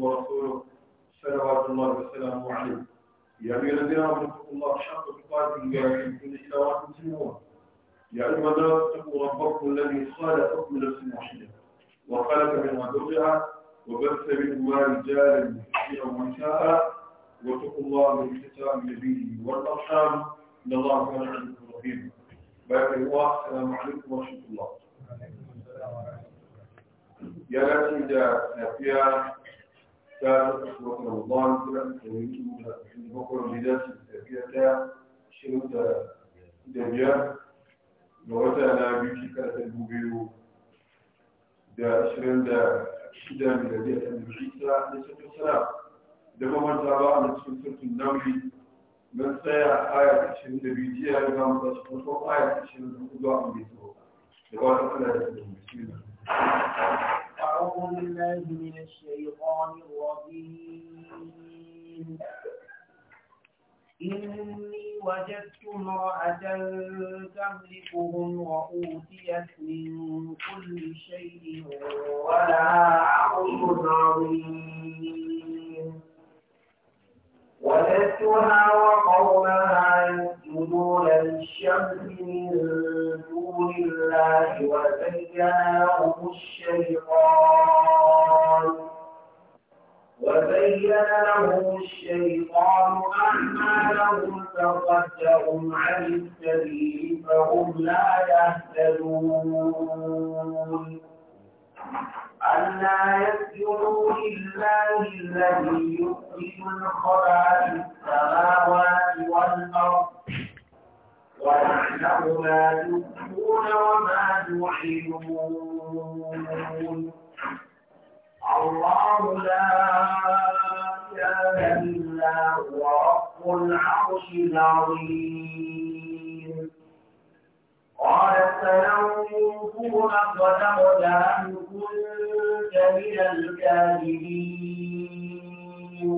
ورسوله صلوات الله وسلامه عليه يا أيها الذين آمنوا اتقوا الله حق تقاته ولا تموتن إلا وأنتم مسلمون يا أيها الناس اتقوا ربكم الذي خلقكم من نفس واحدة الذي يؤتي الخلع في السماوات والأرض ويعلم ما تبدون وما تعلنون الله لا إله إلا هو رب العرش العظيم قال سينفون قدمت أن كنت من الكاذبين إذ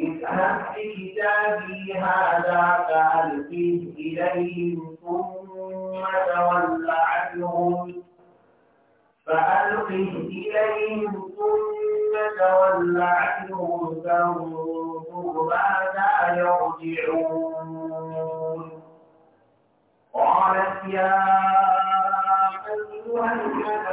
اذهب كتابي هذا فألقه إليهم ثم تول عنهم فألقه إليهم ثم تول عنهم فانظر ماذا يرجعون قالت يا أيها الملأ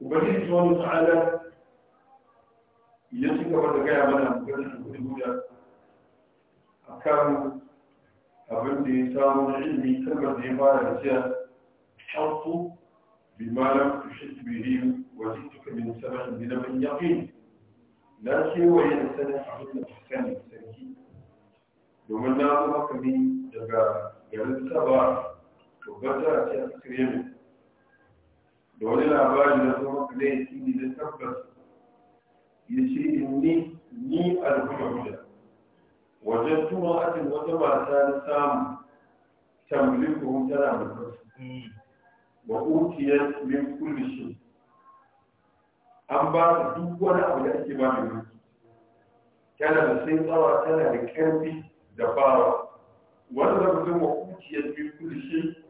ubangiji subhanahu ta'ala ya ci gaba da gaya mana maganar kudin guda a kan abin da ya samu na ilmi kalmar da ya fara da cewa hantu bi malam tushit bihi wa jituka min sab'in bi nabin yaqin na kewaye da sanin abin da ka sani sarki domin na zama kami daga garin saba babbar tara ce a cikin yemen da wani labari na zama maka ne shi ne na tabbas ya ce ni ni alhuda wajen tuma ajin wata mata na samu tamlin kuma tana mutunsu wa ukiyar min kulli shi an ba su duk wani abu da ake ba mai mulki tana da sai tsawa tana da ƙarfi da bawa wanda mutum wa ukiyar min kulli shi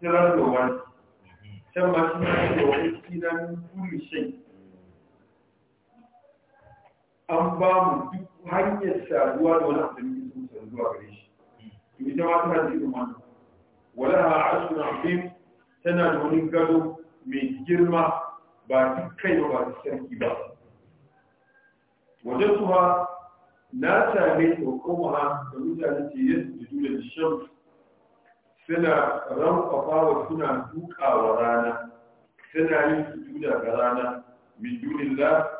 tirar da wani can ba shi ne da wani an ba mu duk hanyar saduwa da wani abu da muke so zuwa gare shi to ita ma tana cikin wannan wala tana da wani gado mai girma ba duk kai ba da sarki ba wajen tuha na same ta koma da mutane ce yadda da shamsu suna ramfafa wa suna duka wa rana suna yin sujuda ga rana min dunillah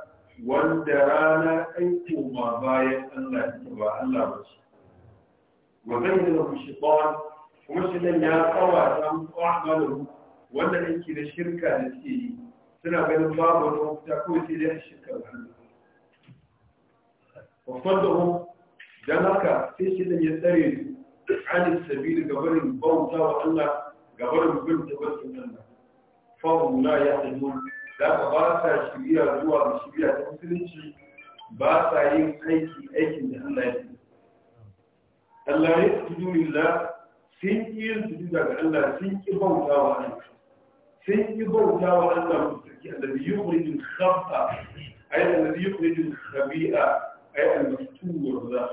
wanda rana ai koma bayan Allah ita ba Allah ba ce wa zai da mu shaitan kuma shi nan ya tsawa ta mu amalu wanda yake da shirka da suke yi suna ganin babu wani mafita kawai sai dai a shirka da Allah wa fadahum dan haka sai shi nan ya tsare su عن السبيل قبل البوضة وأن قبل البنت بس الله فهم لا يعلمون لا تباسا شبيع زوا بشبيع تمسلنشي باسا يم أيكي أيكي من الله يسلم الله يسجدون الله سنكي سجود الله سنكي بوضة وأن سنكي بوضة وأن الذي يخرج الخبطة أي الذي يخرج الخبيئة أي المفتور ذا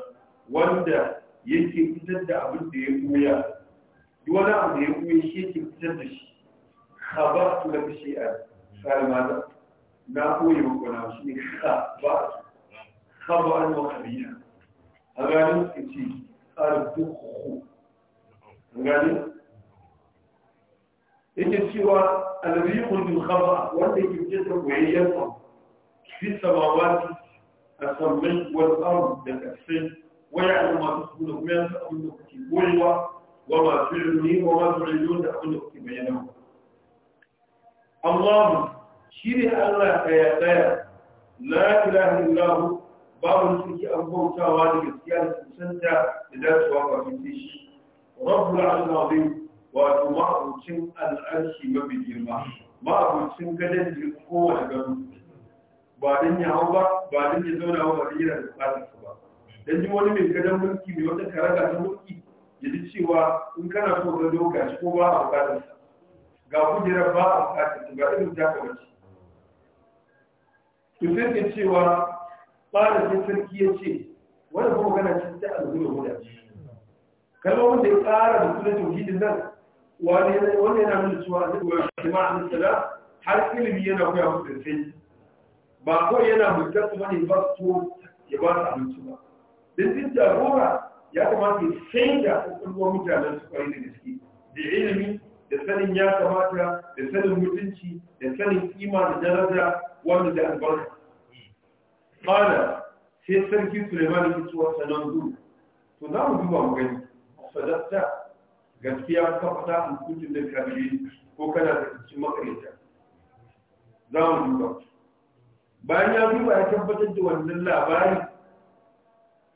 وانده yake fitar da abin da ya koya duk wani abu da ya koya shi yake fitar da shi khabar tu laka shay'a kana maza na koyi maka na shi ne khabar khabar wa khabira a ganin su ce al-dukhu gani? yake cewa al-riqul bil khaba wanda yake fitar da koyayyen sa fi samawati as-samai wal ard da kasai ويعلم ما تسكن وما تأمن في قوة وما تعلني وما تعلنون تأمن في بينهم الله شير الله يا يا لا إله إلا هو باب نسكي أبوه تعالى بسيان سنتا لذات وقع في تيشي رب العالمين العظيم وأتو معبوتين الأرش مبدي الماء معبوتين كدن للقوة لقلوب بعدين يا هو بعدين يزون هو بعدين يزون هو dan ji wani mai gadon mulki mai wata karaga ta mulki ya ji cewa in kana so gado ga shi ko ba a bukatar sa ga kujerar ba a bukatar sa ga irin ta kamar to sai ke cewa fara sai sarki ya ce wani kuma kana ce ta alzuru guda kalmomin da ya tsara da kula tauhidin nan wani yana nuna cewa jama'a jama'an salam har ilimi yana koya musu da sai ba kawai yana mutattu bane ba su ya ba su abinci ba da jagora ya kamata ya shaida kwakwalwar mutanen su kwarai da gaske da ilimi da sanin ya kamata da sanin mutunci da sanin kima da daraja wanda da albarka mana sai sarki suleiman ya ci wata nan gudu to za mu duba mu gani sadatta gaskiya ka fata hukuncin da kabili ko kana da cikin makarita za mu duba bayan ya duba ya tabbatar da wannan labarin.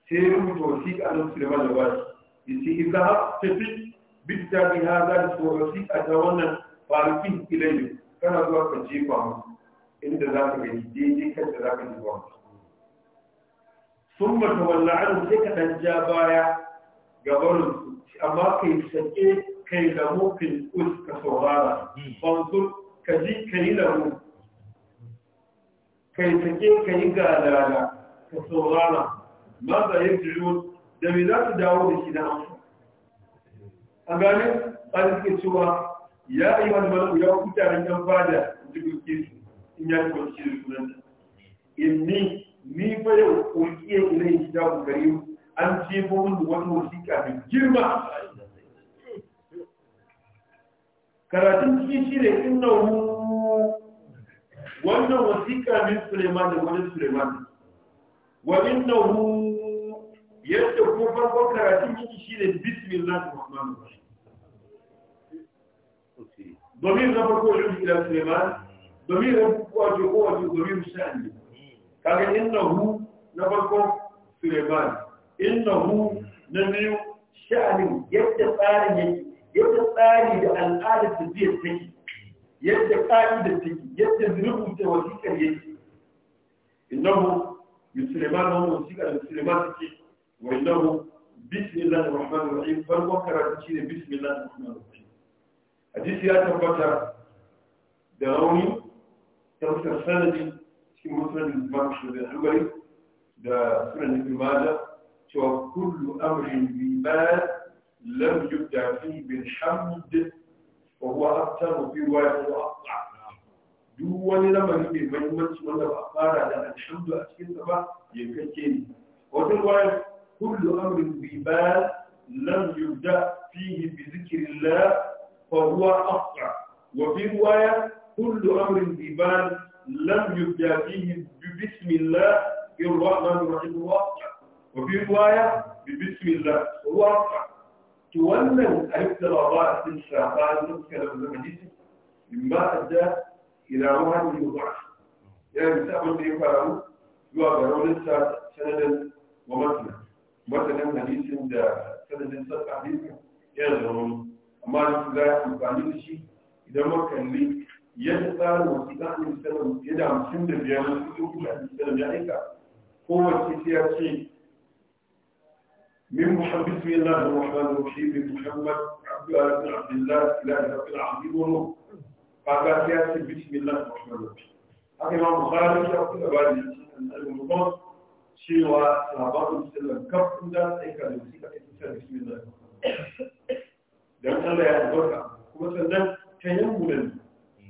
sai ya rubuta wasiƙa na musulman da bashi ya za a tafi bidda bi ha za da tsoron wasiƙa ta wannan farafin ilayi kana zuwa ka jefa musu inda za ka gani daidai da za ka jefa musu sun mata walla an sai ka ɗan ja baya ga barin amma kai sake kai lamu us ka saurara kai sake kai ka saurara ma za yi jirgin da mai za su dawo da shi na amsa a gane an suke cewa ya yi wani malu ya kuta ran yan fada jirgin kesu in ya kuma shi da in ni ni fa yau kulkiye ina yi ta ku gare an jefo mun wani wasiƙa mai girma karatun cikin shi ne inna wannan wasiƙa min suleiman da wani suleiman wa inna hu yadda kuma farkon karatun yake shi ne bismillah rahman rahim domin na farko yin ila suleiman domin na kuwa ce kowa ce domin sha'ani kaga innahu na farko suleiman innahu na biyu sha'anin yadda tsarin yake yadda tsari da al'adar da zai take yadda tsari da take yadda rubuta wasikar yake innahu yusuleman wani wasikar da suleiman take wallahu bismillahir rahmanir rahim farkon karatu shine bismillahir rahmanir rahim hadisi ya tabbata da rauni ta fuskar sanadi cikin musulun imam shafi al-hambari da sunan ibn majah cewa kullu amrin bi ba lam yubda fi bil hamd wa huwa aktaru fi wa huwa aqta duk wani lamari mai mahimmanci wanda ba fara da alhamdu a cikin ba yankake ne wajen wayar كل أمر ببال لم يبدأ فيه بذكر الله فهو أقطع وفي رواية كل أمر ببال لم يبدأ فيه ببسم الله الرحمن الرحيم أقطع وفي رواية ببسم الله هو أقطع تولوا أهبت الله من الشعبان نفسك لما الحديث مما أدى إلى واحد يضعف يعني سأقول لي فعله يوابع رولة سنة ومثلا waɗannan hadisin da sanadin sassa hadisin yana da wani amma za a amfani da shi idan makalli yadda tsarin wasu ɗanin sanar ya da hamsin da biyar na cikin kuɗin sanar ya aika kowace sai ya ce من محمد بسم الله الرحمن الرحيم محمد عبد الله بن عبد الله إلى رب العظيم ونور بعد ذلك بسم الله الرحمن الرحيم أخي البخاري يقول أبا المطلب cewa labarin musulun kafin da sai ka da yi kafin cutar da shi ne don Allah ya albarka kuma sannan ta yammunan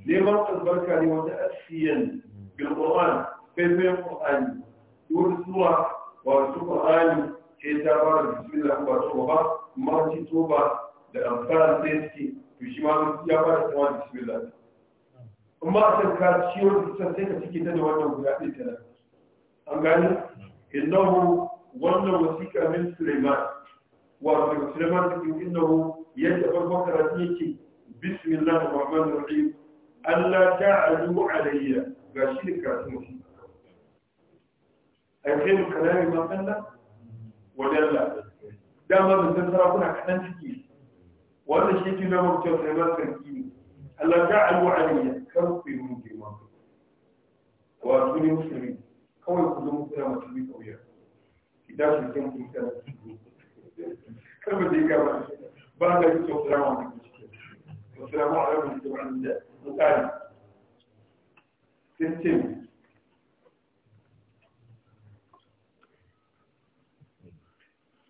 neman albarka ne wanda asiyan bil Qur'an faifayen Qur'ani dole suwa su Qur'ani ke ta fara bismillah wato ba ma ci toba da amfara sai suke to shi ma ya fara da bismillah amma a san ka ciwo da sai ka cike ta da wannan guda ɗaya ta an gani إنه ظن وثيقة من سليمان وأبو سليمان إنه يجب المكرتيك بسم الله الرحمن الرحيم ألا تعدوا علي غاشين كاتمه أي خير الكلام ما قلنا ولا لا دائما من تسرقنا كنا نحكي وأنا شيء كنا مكتوب سليمان كرتيني ألا تعدوا علي كرفي من جمال وأتوني مسلمين kawai ku zama da su kan kuka kar je gaba ba da su salamu alaikum salamu alaikum da mutane sai ce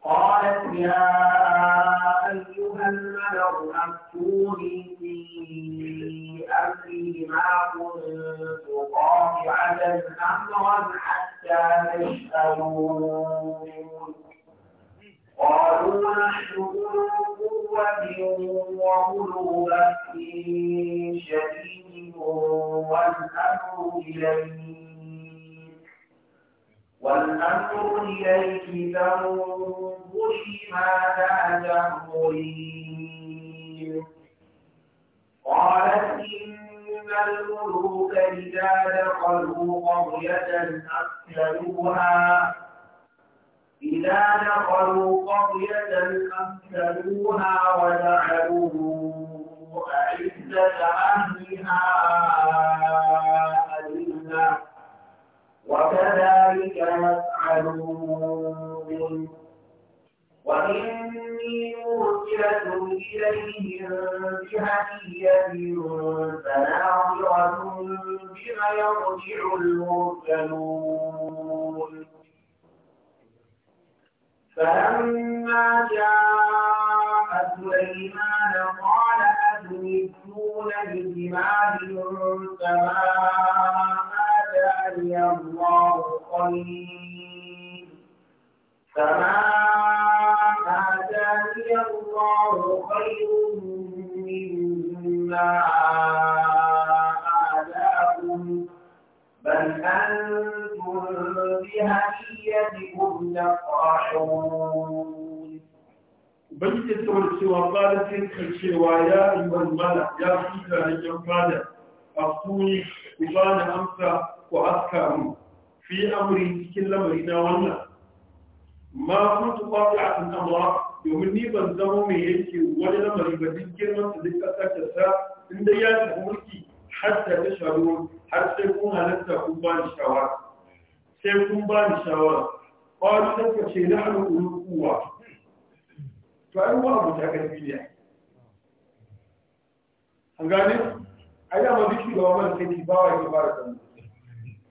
قالت يا أيها الملأ أفتوني في أمري ما كنت قاطعة أمرا حتى تشهدون قالوا نحن أولو قوة وأولو بأس شديد والأمر إليك والأمر إليك فانظري ماذا تأمرين قالت إن الملوك إذا دخلوا قرية أسلموها إذا دخلوا قرية أسلموها وجعلوا أعزة أهلها أذلة وكذلك يفعلون وإني مرسلة إليهم بهدية فناظرة بما يرجع المرسلون فلما جاء سليمان قال أتمدون بثمار فما جعل الله خير فما آتاني الله خير مما آتاكم بل أنتم بهديتكم تفرحون بل تقول سوى قال تلك الشوايا أيها الملأ يا فيك أيها الملأ اعطوني وقال أمسى ku aska mu fi amri cikin lamari na wannan ma a qati'atan amra domin ni ban zama mai yake wani lamari ba duk girman da duk kasashe in dai ya tafi mulki har ta shaɗu har sai kun halatta kun ba ni shawara sai kun ba ni shawara qalu ta kwace na hanu kuwa to ai wa abu ta ƙarfi ne an gane a yi ma duk shugaba man sai ki ba wa ki fara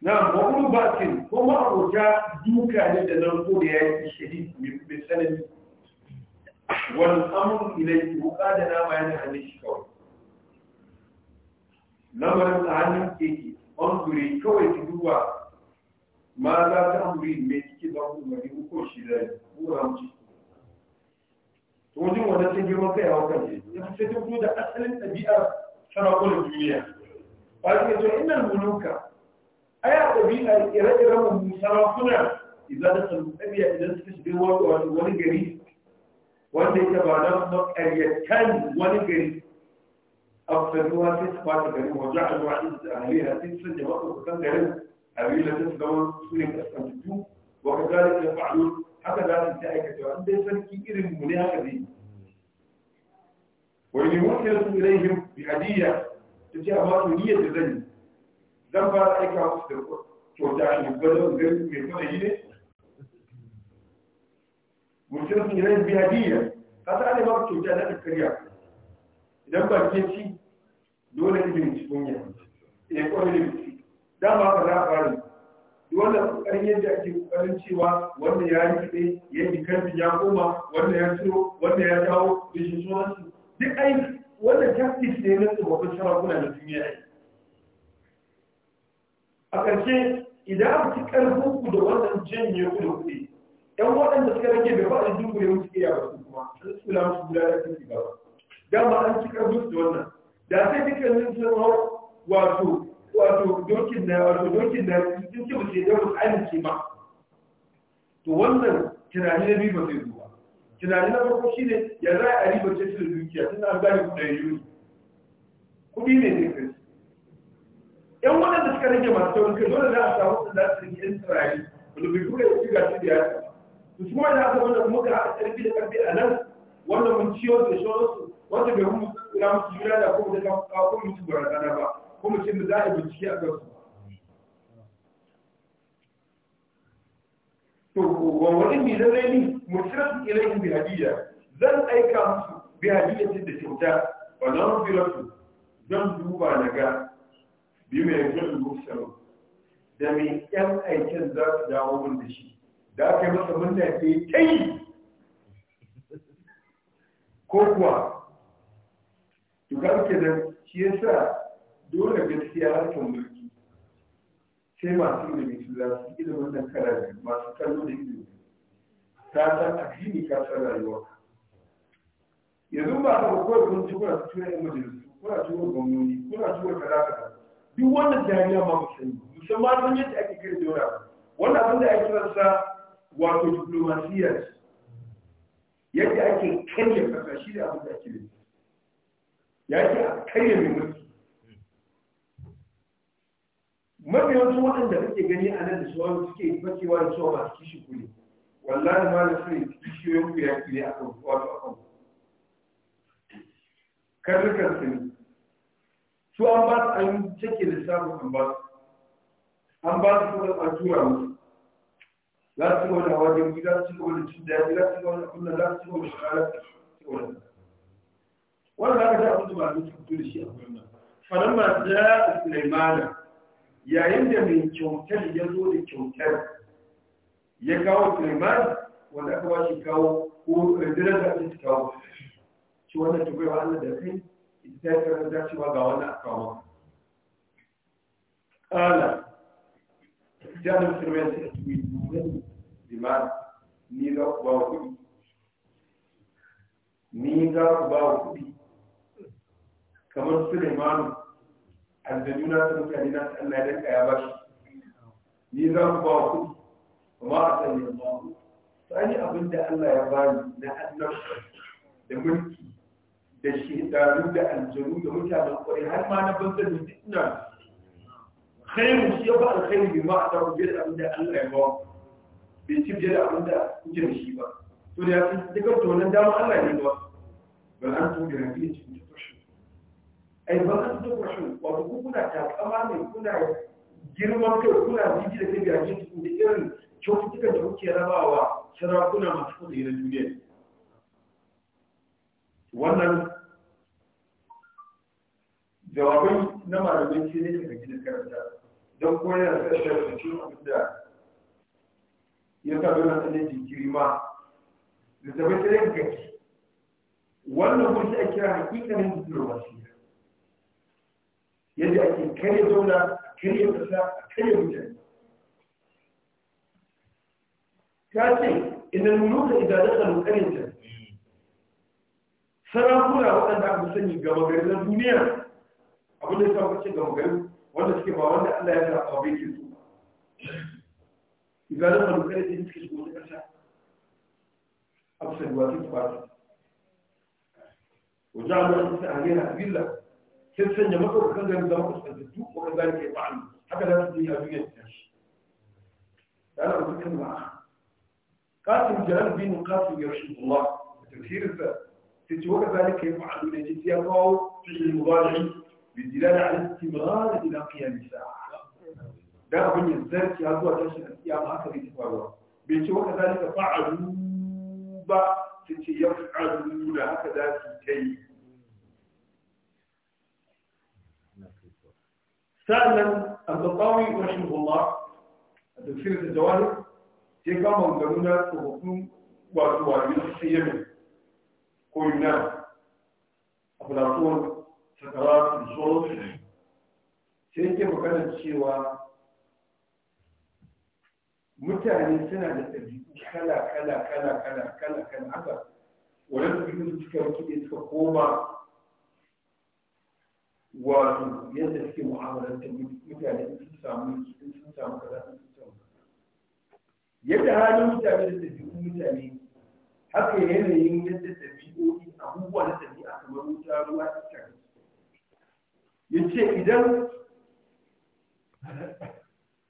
na ma'uru batin ko ma'aruta duka ne da nan ko da ya yi shahid mai tsanani wani amun ilai wuka da nama yana hannun shi kawai lamarin da hannun keke an gure kawai ki duba ma za ta amuri mai ciki ba ku mai ko shi da kura mu to wajen wanda ta girma kai a wakan ne ya fi sai ta da asalin ɗabi'ar sarakunan duniya ba ta ce to ina muluka aya ɗabi'a ire-iren sarakuna idan da tsabiya idan suka shiga wani gari wanda yake ba na makaryatan wani gari أفسدوها في صفات الكريم وجعلوا عزة أهلها تنسى جماعة وكان كريم أبيلا تنسى لهم سنين أسلم وكذلك يفعلون حتى لا تنتهي كتير أنت يسلكي إرم منها كذي وإن وكلت إليهم بهدية تتي أمار نية ذنب dan fara aika wasu da kyauta shi gado gari mai kuma yi ne mutum su rai biya diya ka sa ne ba kyauta na karya idan ba ke ci dole eh, ne bin cikin ya E, kuma ne biki dama ka za fara dole kokarin yadda ake kokarin cewa wanda ya yi kiɗe ya yi kanti ya koma wanda ya ciro wanda ya dawo da shi sunansu duk aiki wannan tactics ne na tsofaffin sarakuna da duniya aiki a ƙarshe idan an ci ƙarfin ku da wannan janye ku da kuɗi ɗan waɗanda suka rage bai faɗin ku ya musu iya ba su kuma sun su lamu musu gudanar da ba dama an ci ƙarfin da wannan da sai dukkanin sun hau wato wato dokin na wato dokin na sun ce mutum da wasu ainihin ba to wannan tunani na biyu ba zai zuwa tunani na farko shine ya za a riba ce su da dukiya tun an gane yi. kuɗi ne zai kai yan waɗanda suka rage masu taurin kai dole za a samu da za su rage yan tsirari wanda bai kura ya ci ga su da yasa su kuma da haka wanda kuma ka haɗa ƙarfi da ƙarfi a nan wanda mun ciyo da shawararsu wanda bai kuma tsira musu juna da kuma da kawo kuma musu barazana ba kuma shi da za a bincike a kansu to wa wani ne da raini mutirar ilayin bi hadiyya zan aika musu bi hadiyya da kyauta wa nan firatu zan duba na ga bi mai yankin mursalin da mai yan aikin za su dawo min da shi da aka yi masa murna ke kai ko kuwa to ga ke nan shi sa dole gaskiya harkar mulki sai masu ilimi su za su ilimin nan kara masu kallo da ilimi ta san addini ka san rayuwa. yanzu ba a kawai kuma ci kuna tura yan majalisu kuna tura gwamnoni kuna tura kaza kaza duk wannan jami'a ma musulmi musamman sun yadda ake kai dora wannan abin da ake sa wato diplomasiya yadda ake karya kasa shi da abin da ake yi ya ce a karya mai mulki mafiyancin waɗanda kake gani a nan da shawar suke fakewa da shawar masu kishi kuli wallahi ma da sun kishiyoyin ku ya ne a kan wato a kan karnukan su ne su an ba su an cike lissafin an ba su an ba su kuma an tura musu za su gaba wani hawa jirgi za su gaba da cin daji za su gaba wani kunna za su gaba da shahara su gaba da wannan ka da abin da ba su fito da shi a wurin nan faɗin ma da sulaimana yayin da mai kyautar ya zo da kyautar ya kawo sulaimana wanda aka ba shi kawo ko rundunar da ake kawo shi wannan tukwai wa Allah da kai ita ya karanta cewa ga wani akawa ƙala jami'in sirriyar da su yi duwani liman ni za ku ba wa kuɗi ni za ku ba wa kamar su limanu sun kari na Allah ya danka ya bashi ni za ku ba ku. Kuma a sanya ba ku sani abin da Allah ya bani na annabta da mulki da shekaru da aljanu da mutanen kwarai har ma na banza da fitna khairu shi ya ba alkhairu bi ma a samu biyar abin da Allah ya ba bai ci biyar abin da kuke da shi ba to da ya fi daga tonan dama Allah ne ba bal an tu da rafi ci da fashu ai ba an tu fashu wato ku kuna ta takama ne kuna girman kai kuna jiki da kai ga jiji da irin kyaututtukan da kuke rabawa sarakuna masu kudi na duniya wannan jawabai na malamai ce ne daga gidan karanta don koyar da shafin abin da ya sa dole sanin jinkiri ma da zama ta yin gaji wannan kuma shi a kira hakikanin diplomasiya yadda ake kare zauna kare kasa kare mutane ta ce idan nuna idan da tsarin sarakuna waɗanda aka sani gama gari na duniya abin da ya samu ce gama gari wanda suke ba wanda Allah ya zaɓa bai ke su ba iganin manufar da suke shigo ta ƙasa absar wasu su fata wajen amurka ta hanyar na abilla sai sanya matsaukakan gari zama kusantattu ko kan zari ke ba'alu haka za su yi a duniyar tashi da ana mutu kan ma'a kasim jalal bin kasim yarshi Allah da tafsirinsa تجي وكذلك يفعل التي يقع فعل المضارع بالدلالة على استمرار إلى قيام الساعة ده أبن الزرك يزوى تشن القيام هكذا يتفعلوا بيجي وكذلك فعلوا با تجي يفعلون هكذا تي سألا البطاوي رحمه الله تفسير الجواهر تيكا مغنونا تغطون وعلى الحيامين قلنا أفلاطون سقراط الصوت سيجي مكانا cewa mutane suna da ɗabi'u kala kala kala kala kala kala haka wannan ɗabi'u suka rike suka koma wato yadda suke ta mutane sun samu sun samu kaza sun samu yadda halin mutane da ɗabi'un mutane haka yanayin yadda siffofi abubuwa na ɗabi'a kamar wuta ruwa iska ya ce idan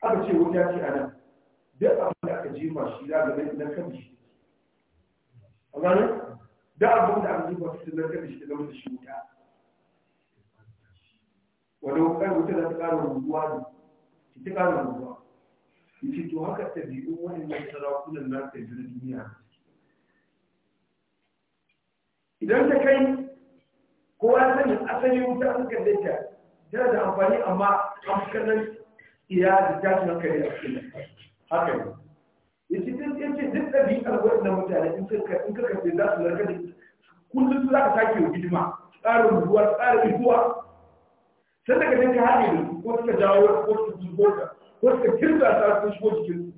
aka ce wuta ce a nan duk abin da aka jefa shi da ga nan nan kan shi a ranar da abin da aka jefa shi nan kan shi da zama shi wuta wanda wutar wuta za ta ƙara rubuwa ne ta ƙara rubuwa ya ce to haka ɗabi'un wa'annan sarakunan na ta duniya idan ta kai kowa sani asali wuta an kalle ta tana da amfani amma an iya da tashin hankali a cikin haka ne yace duk yace duk ɗabi'ar mutane in suka in ka kafe za su larka da kullum su za ka sake wa hidima tsarin ruwa tsarin ikuwa sai daga nan ka haɗe da su ko suka jawo ko suka zubo ko suka kirga sa sun shigo jikin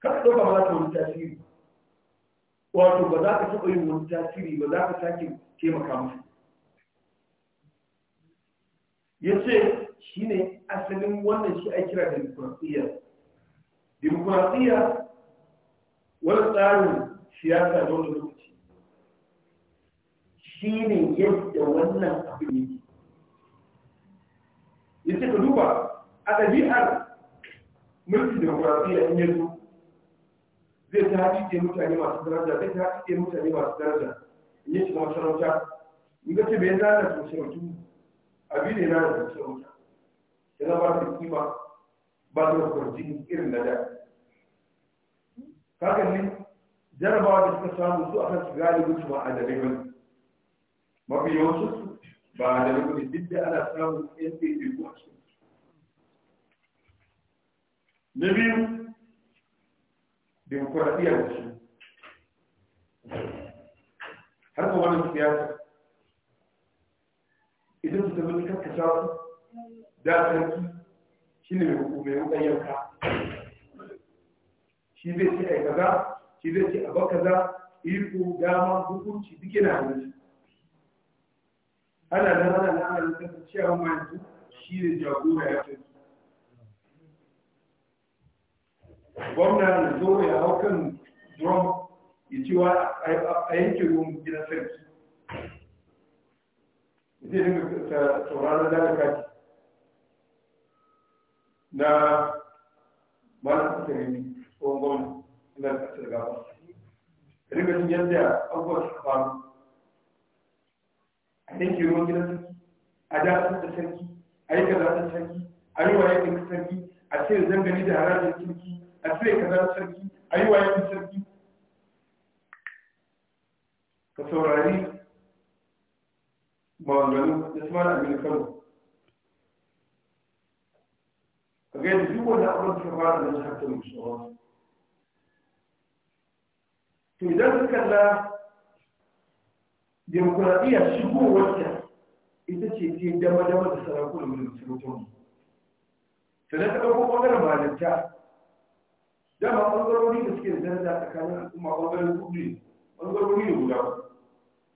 ka ka ɗauka ba za ta wani tasiri wato ba za ka taɓa yin wani tasiri ba za ka sake taimaka musu ya ce shi ne asalin wannan shi a kira demokuraɗiyya demokuraɗiyya wani tsarin siyasa da wani lokaci shi ne yadda wannan abin yake ya ce ka duba a ɗabi'ar mulkin demokuraɗiyya in yanzu zai ta haɗi mutane masu daraja zai ta haɗi mutane masu daraja in yi shiga masarauta in ga ce bai lalata masarautu biyu ne lalata masarauta ya ba da kima ba da kwarjini irin na da kakan ne jarabawa da suka samu su a su gani mutu ba a dare bane mafi yawancin su ba a dare bane duk da ana samun yan ɗaiɗaiku a cikin na biyu demokuraɗiyya da su har ma wannan siyasa idan su zama ni kakka shafu da sarki shi ne mai hukayyarka shi zai ce a kaza shi zai ce a ba kaza dama hukunci na yana da ana nan ana nan ana nan cewa ma shi ne jagora ya gwamna ya zo ya hau kan drum ya ce wa a yanke ruwan gidan sarki zai dinga sauraron dalaka na malam kasarimi tsohon gwamna ina da kasar gaba rika cin yadda abubuwan su faru a yanke ruwan gidan sarki a dakatar da sarki a yi kaza ta sarki a yi wa yankin sarki a ce zangani da harajin sarki a sai ka zara sarki a yi wayan sarki ka saurari maganganu da su mara amini kano ka ga yadda duk wani abin suka fara da jihar ta musawa to idan ka kalla demokuraɗiyya shigowarta ita ce ce dama-dama da sarakunan mulkin sarautar mu sannan ta ɗauko ɓangaren malinta dama ɓangarori da suke da daraja tsakanin al'umma ɓangaren kudu ne ɓangarori ne guda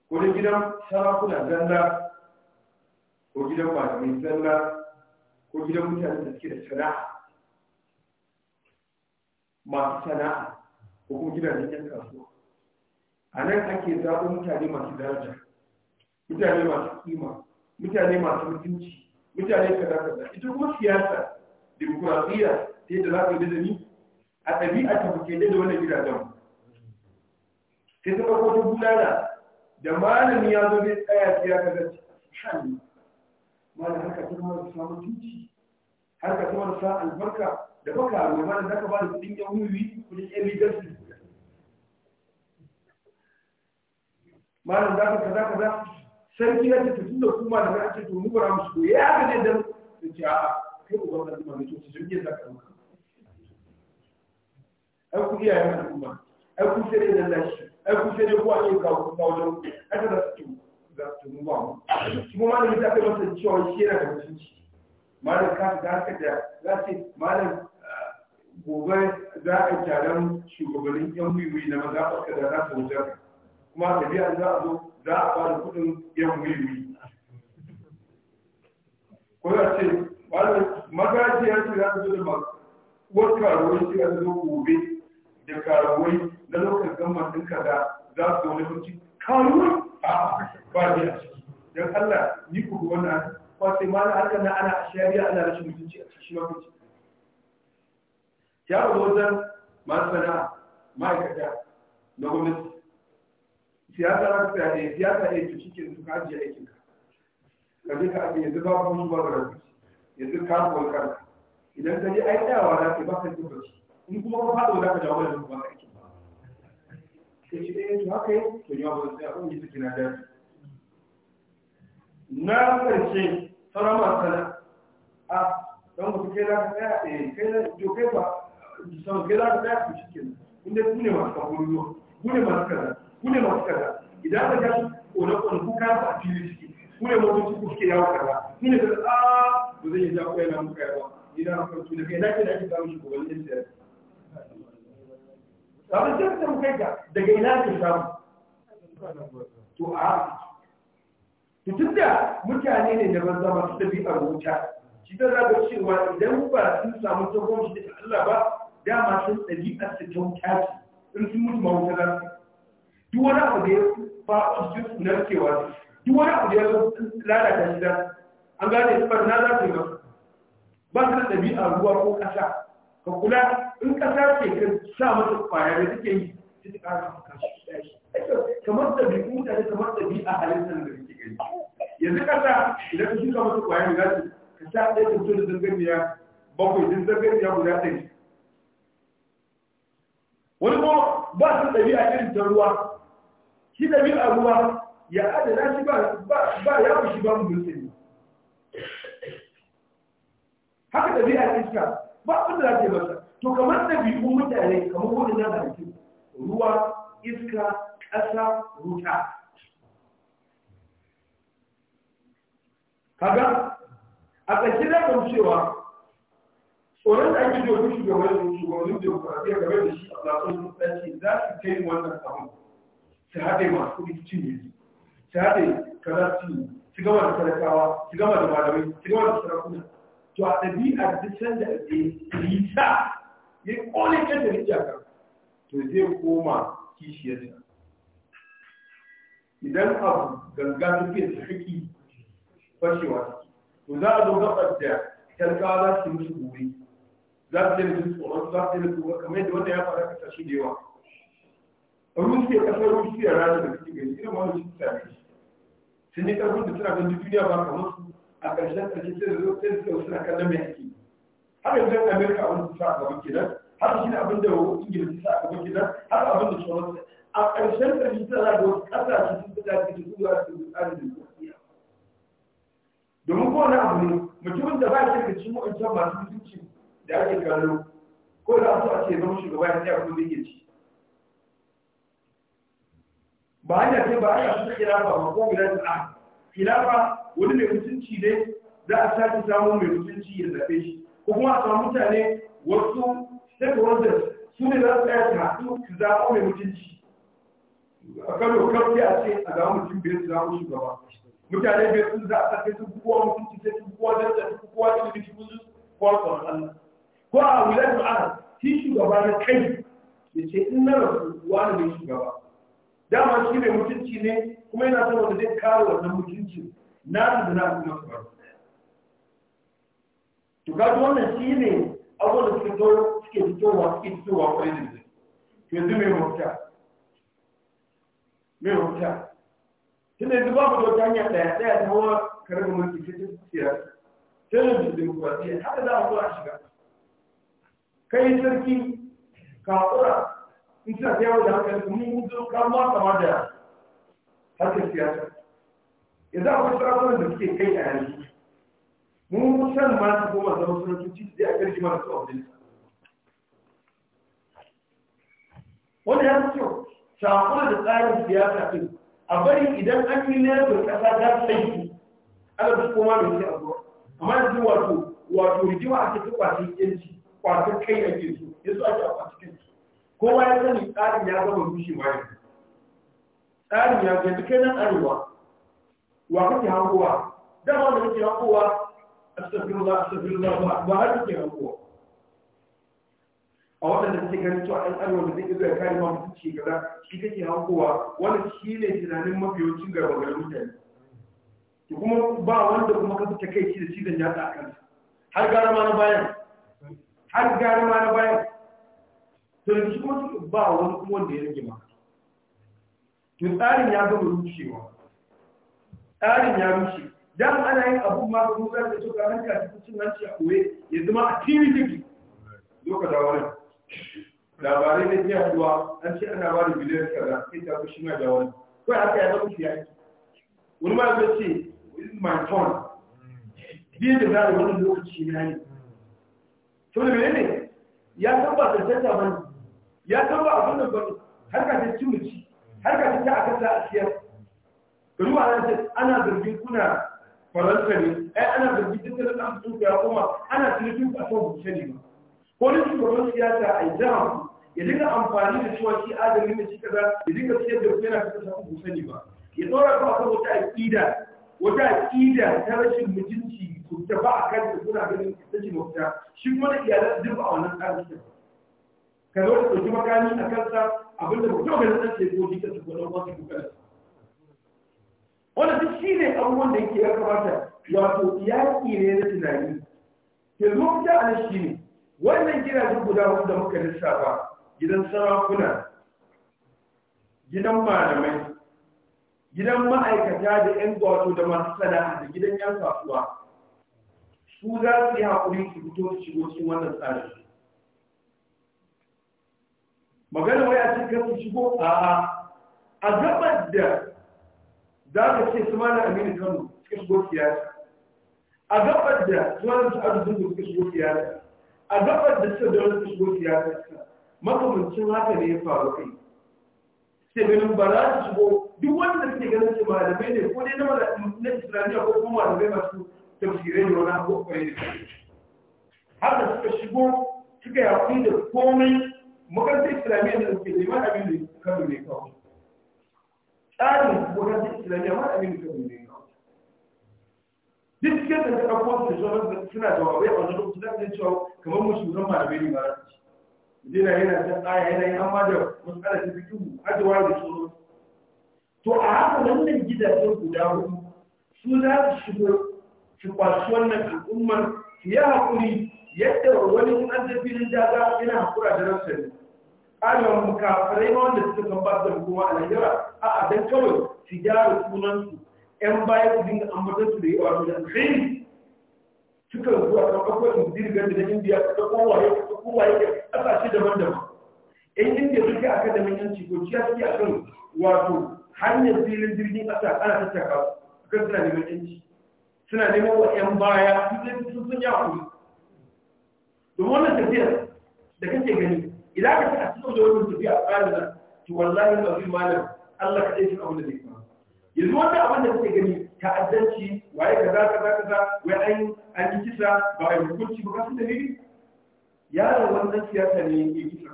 ko da gidan sarakuna zanda ko gidan malamai zanda ko gidan mutane da suke da sana'a masu sana'a ko kuma gidajen yan kasuwa a nan ake zaɓo mutane masu daraja mutane masu kima mutane masu mutunci mutane kaza kaza ita kuma siyasa demokuraɗiyya ta yadda za ka yi da ni a ɗabi'a ta fuke da wannan gidajen sai ta ɗauko ta bulala da malami ya zo zai tsaya sai ya kaga shan malam haka ta kuma da samun tunci haka ta kuma da sa albarka da baka mai malam za ka ba da kuɗin yan wuri kuɗin yan rigarsu malam za ka kaza kaza sarki ya ta tafi da kuma da ake to mu bara musu ya ga ne dan ce a kai uban da mai to su jirgin za ka muka ai ya iyayen al'umma ai ku sai dai lallashi ai ku sai dai ku a yi kawo kuma wajen ai ta za su za su mu ba mu shi kuma malami ta kai masa cewa shi yana da mutunci malam ka ga haka da za ce malam ah, gobe za a taron shugabannin yan wiwi na maza da za su wajen kuma tafiya za a zo za a fara kudin yan wiwi ko za ce malam magajiyar su za su zo da wasu karuwar shi a zo gobe kawai na lokacin gama ɗinka da za su wani hunci karuwa a ba ne a ciki don allah ni ku wannan kwace ma na harkar na ana a shari'a ana rashin mutunci a cikin makunci ya ɓaro wajen masu sana ma'aikata na gwamnati siyasa na kusa ne siyasa ne eh, to shi ke su kaji ajiye aikinka ka je ka abin yanzu babu musu ba da rabu yanzu ka kuwa kanka idan ka je aikawa na ke baka jin bacci in kuma ka faɗo za ka jawo da ba aiki suka ci haka na na karshe sauran sana a don ku kai za ka tsaya eh kai na ba sau kai za ka ku shi inda ku ne masu kabulu ruwa ku ne masu kaza ku ne masu kaza idan ka ga ƙone ku kayan a fili suke ku ne motoci ku suke yawo kaza ku ne ka a ba zai yi zaɓa yana muka yawa idan ka kai na kai na kai na ake abin da ta kai daga ina ke samu to a tun da mutane ne da banza masu ɗabi'ar wuta shi da za ka cewa idan mu ba sun samu tsohon shi da Allah ba dama sun ɗabi'ar su ta wuta ce in sun mutu ma wuta za su duk wani abu da ya faɗo cikin su narkewa duk wani abu da ya lalata shi da an gane barna za su yi ba su da ɗabi'ar ruwa ko ƙasa ka kula in ƙasa ce ka sa mata kwaya da take yi sai ta ƙara maka ɗaya shi kamar da bi mutane kamar da bi a halittar da kake gani yanzu ƙasa idan ka shuka mata kwaya da za ka sa ɗaya ka fito da zangarniya bakwai din zangarniya guda ɗari wani kuma ba su ɗabi'a irin ta ruwa shi a ruwa ya adana shi ba ya fushi ba mu musulmi haka ɗabi'a iska ba abin da za ta yi masa to kamar ɗabi'un mutane kamar waɗannan halittu ruwa iska ƙasa wuta kaga a ƙarshe na kan cewa tsoron da ake domin shugabannin shugabannin demokuraɗiyya game da shi a zaɓen mutane za su kai wannan abin su haɗe masu kuɗi cinye su haɗe kaza su gama da talakawa su gama da malamai su gama da sarakuna to a ɗabi'ar duk sanda da yi sa ya ƙone kan da ka to zai koma kishiyarsa idan abu ganga fiye da haƙi fashewa to za a zo gabar da talkawa za su musu gobe za su yi musu tsoron za su yi musu kamar yadda wanda ya fara kasashe da yawa rusiya kasar rusiya rana da suke gani irin wani shi sun yi ƙarfin da suna ganin duniya ba kamar su a ƙarshen ƙarshe sai da zo sai da suna kallon mai ake har yanzu yan amerika abin da sa a kenan har shi ne abin da ingilishi suka a gaban kenan har abin da shawararsa a ƙarshen ƙarshe sai da wasu ƙasashe sun fi dace da zuwa su tsarin dimokuraɗiyya domin kowane abu ne mutumin da ba shi da cikin wancan masu mutunci da ake kallo ko da su a ce zama shugaba ya tsaya ko zai ci ba hanya ce ba hanya su kira ba ma ko guda ta a, khilafa wani mai mutunci ne za a sake samun mai mutunci ya zaɓe shi ko kuma a samu mutane wasu stakeholders su ne za su tsaya su su zaɓo mai mutunci a kano kawai a ce a zama mutum biyar su zaɓo shugaba mutane biyar sun za a sake su kuwa mutunci sai su kuwa danta su kuwa ilimi su kuzu kowa tsoron ko a wilayar ana shi shugaba na kai da ce in na rasu wani mai shugaba dama shi mai mutunci ne kuma yana son wanda zai kare wannan mutuncin na da za a kuma su to ga wannan shi ne da suke suke suke kwarai da to yanzu mai mai tun yanzu babu da wata hanya ɗaya ɗaya ta hawa karɓar mulki ta cikin siyasa ta yanzu demokuraɗiyya haka za a zo a shiga kai sarki kura in suna ta yawo da hankali kuma mun zo kama kama da harkar siyasa yanzu akwai sarakunan da suke kai a yanzu mun san ma su goma zama sunatunci su a ƙarfi mara su abin wani ya fi kyau shakunan da tsarin siyasa ɗin a bari idan an yi lafiyar ƙasa za su sai ana su koma da yake abuwa amma yanzu wato wato rigima ake ta kwacin yanci kwacin kai a so yanzu ake a kwashe kai kowa ya sani tsarin ya zama rushe ma yanzu tsarin ya zai kai na tsarewa wa kake hankowa dama da kake hankowa astagfirullah za ba ba har kake hankowa a waɗanda kake ganin cewa an arewa da zai zuwa kare ma mutum ce kaza shi kake hankowa Wani shi ne tunanin mafiyancin garbagar mutane ki kuma ba wanda kuma ka fita kai shi da cizon yatsa a kansa har gara ma na bayan har gara ma na bayan to yanzu kuma ba wani kuma wanda ya rage maka to tsarin ya gama rushewa tsarin ya rushe dan ana yin abun ma ko zan da to kan ka cikin hanci a koye ya zama a tv tv doka da wani labarai da ke haduwa an ce ana ba da biliyan kaza sai ta fushi ma da wani kawai haka ya zama shi yi wani ma zai ce my turn biyu da za a wani lokaci na ne to da ne. ya san ba cancanta ba ya san ba abin da ba har ka ta ci muci har ka ta ta a kasa a siyar ruwa ana zargin kuna faransa ne ai ana zargin tattalin arzikin ya kuma ana tilifin a kan buce ne ko ne shugaban siyasa a jihar ya dinga amfani da cewa shi adalin da shi kaza ya dinga siyar da yana kasar sa buce ne ba ya tsora ka akan wata aƙida wata aƙida ta rashin mutunci ku ta ba a kan da kuna ganin ta ce mafita shi kuma da iyalan duk a wannan tsarin shi ka zo da ɗauki makami a kansa abinda mutum ga nan ce ko jikin su ko ɗan wasu kuka wanda duk shi ne abubuwan da yake ya kamata wato yaƙi ne na tunani yanzu mafita a shi ne wannan duk guda wanda muka lissafa gidan sarakuna gidan malamai gidan ma'aikata da 'yan gwato da masu sana'a da gidan 'yan kasuwa su za su yi haƙuri su fito su shigo cikin wannan tsarin magana waya cikin su shigo a a gabar da za ka ce su mana aminu kano suka shigo siyasa a gabar da su mana su arzikin suka shigo siyasa a gabar da suka dole suka shigo siyasa makamancin haka ne ya faru kai sai ganin ba za su shigo duk wanda suke ganin su malamai ne ko dai na islamiyya ko kuma malamai masu tafsirai da wani abu kwaye da haka suka shigo suka yaƙi da komai makarantar islamiyya da suke neman abin da kano ne kawai tsarin gwamnatin islamiyya ma aminu ta ne duk cikin da ta ɗauko su da suna jawabai a wani lokaci za ka cewa kamar mashuran malamai ne ba za su ci yana yana can tsaya yana yin amma da matsalar ta fikin ajewa da tsoro to a haka wannan gidajen guda hudu su za su shigo su kwashi wannan al'ummar su yi haƙuri yadda wani in an tafi daga yana haƙura da rafsa ƙarewa mu kafirai da wanda suka kan ba da hukuma a Najeriya a a dan kawai su gyara su ƴan bayan su dinga ambatar su da yawa da alkhairi suka zuwa kan akwai su dirgar da Indiya ta kowa ya ta kowa ya ƙasashe daban-daban ƴan Indiya suke a kan daban yanci ko ciya suke a kan wato hanyar filin jirgin ƙasa ana tattaka su kan suna neman yanci suna neman wa ƴan baya su sun sun yakuri domin wannan tafiyar da kake gani idan ka a cikin da wannan tafiya a tsarin nan to wallahi ba zai malam Allah ka ɗauki abin da zai fara yanzu wannan abin da kuke gani ta addanci waye kaza kaza kaza wai an an yi kisa ba a yi hukunci ba kasu dalili yaron wannan siyasa ne ya kisa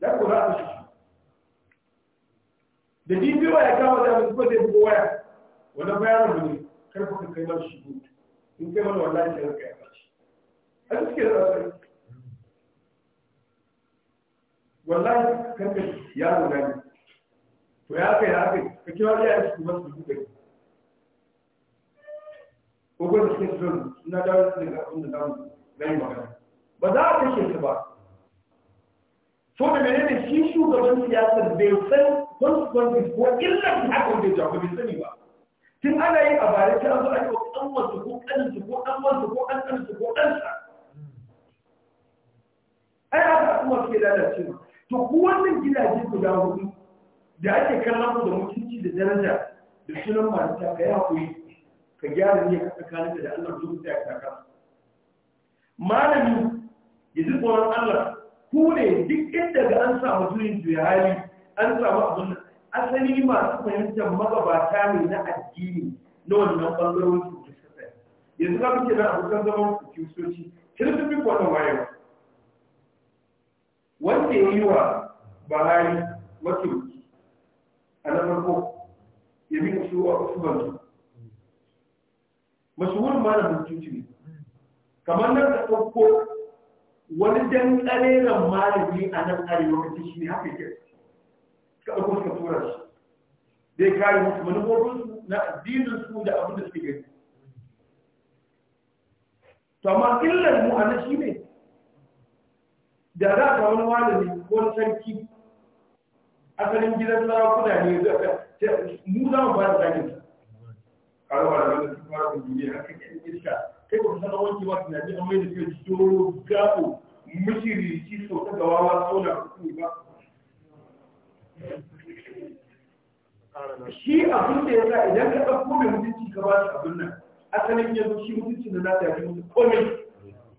da ko za ka kashe shi da bibiyo ya kama da mutum zai bugo waya wannan bayanin mu ne kar ku kai mana shi in kai mana wallahi sai ka yi fashi a cikin rasar wallahi kanka yaro na ne to ya kai ya kai ka kira ya su kuma su buɗe ogun da suke son na dawo da ga abin da zamu yi magana ba za a kashe su ba so da menene shi shugaban siyasar bai san consequences ko illar da haka bai jawo bai sani ba tun ana yi a bare ta zo a yi wa ɗan wasu ko ɗan su ko ɗan wasu ko ɗan ɗan su ko ɗan sa ai haka kuma ke lalacewa to ku wannan gidaje guda hudu da ake kallon da mutunci da daraja da sunan masu ya hakuri ka gyara ne ka tsakanin da Allah zuwa ta taka malami ya ji Allah ku ne duk inda ga an samu juyin juya hali an samu abin asali masu fahimtar magabata ne na addini na wannan bangarorin su da suka yanzu ka ku ce na abokan zaman ku kiristoci kiristofin kwanan wayewa wanda ya yi wa bahari matuki a na farko ya bi su a masu wurin ma na mutunci ne kamar nan ka ɗauko wani dan ƙareren malami a nan arewa kacin shi ne haka yake ka ɗauko suka tura shi zai kare musu manufofinsu na addinin su da abin da suke gani to amma illar mu a nan shi ne da za ka wani ne ko sarki asalin gidan kuna ne ga mu za mu fara sakin sa karuwa da wani kuma kun jibe haka ke iska kai ko san wanki ba tunani an mai da da doro gabo mishirici sau ta gawawa sauna ku ba shi abin da ya sa idan ka ɗauko mai mutunci ka ba shi abin nan asalin yanzu shi mutunci da na ta yi mutu komai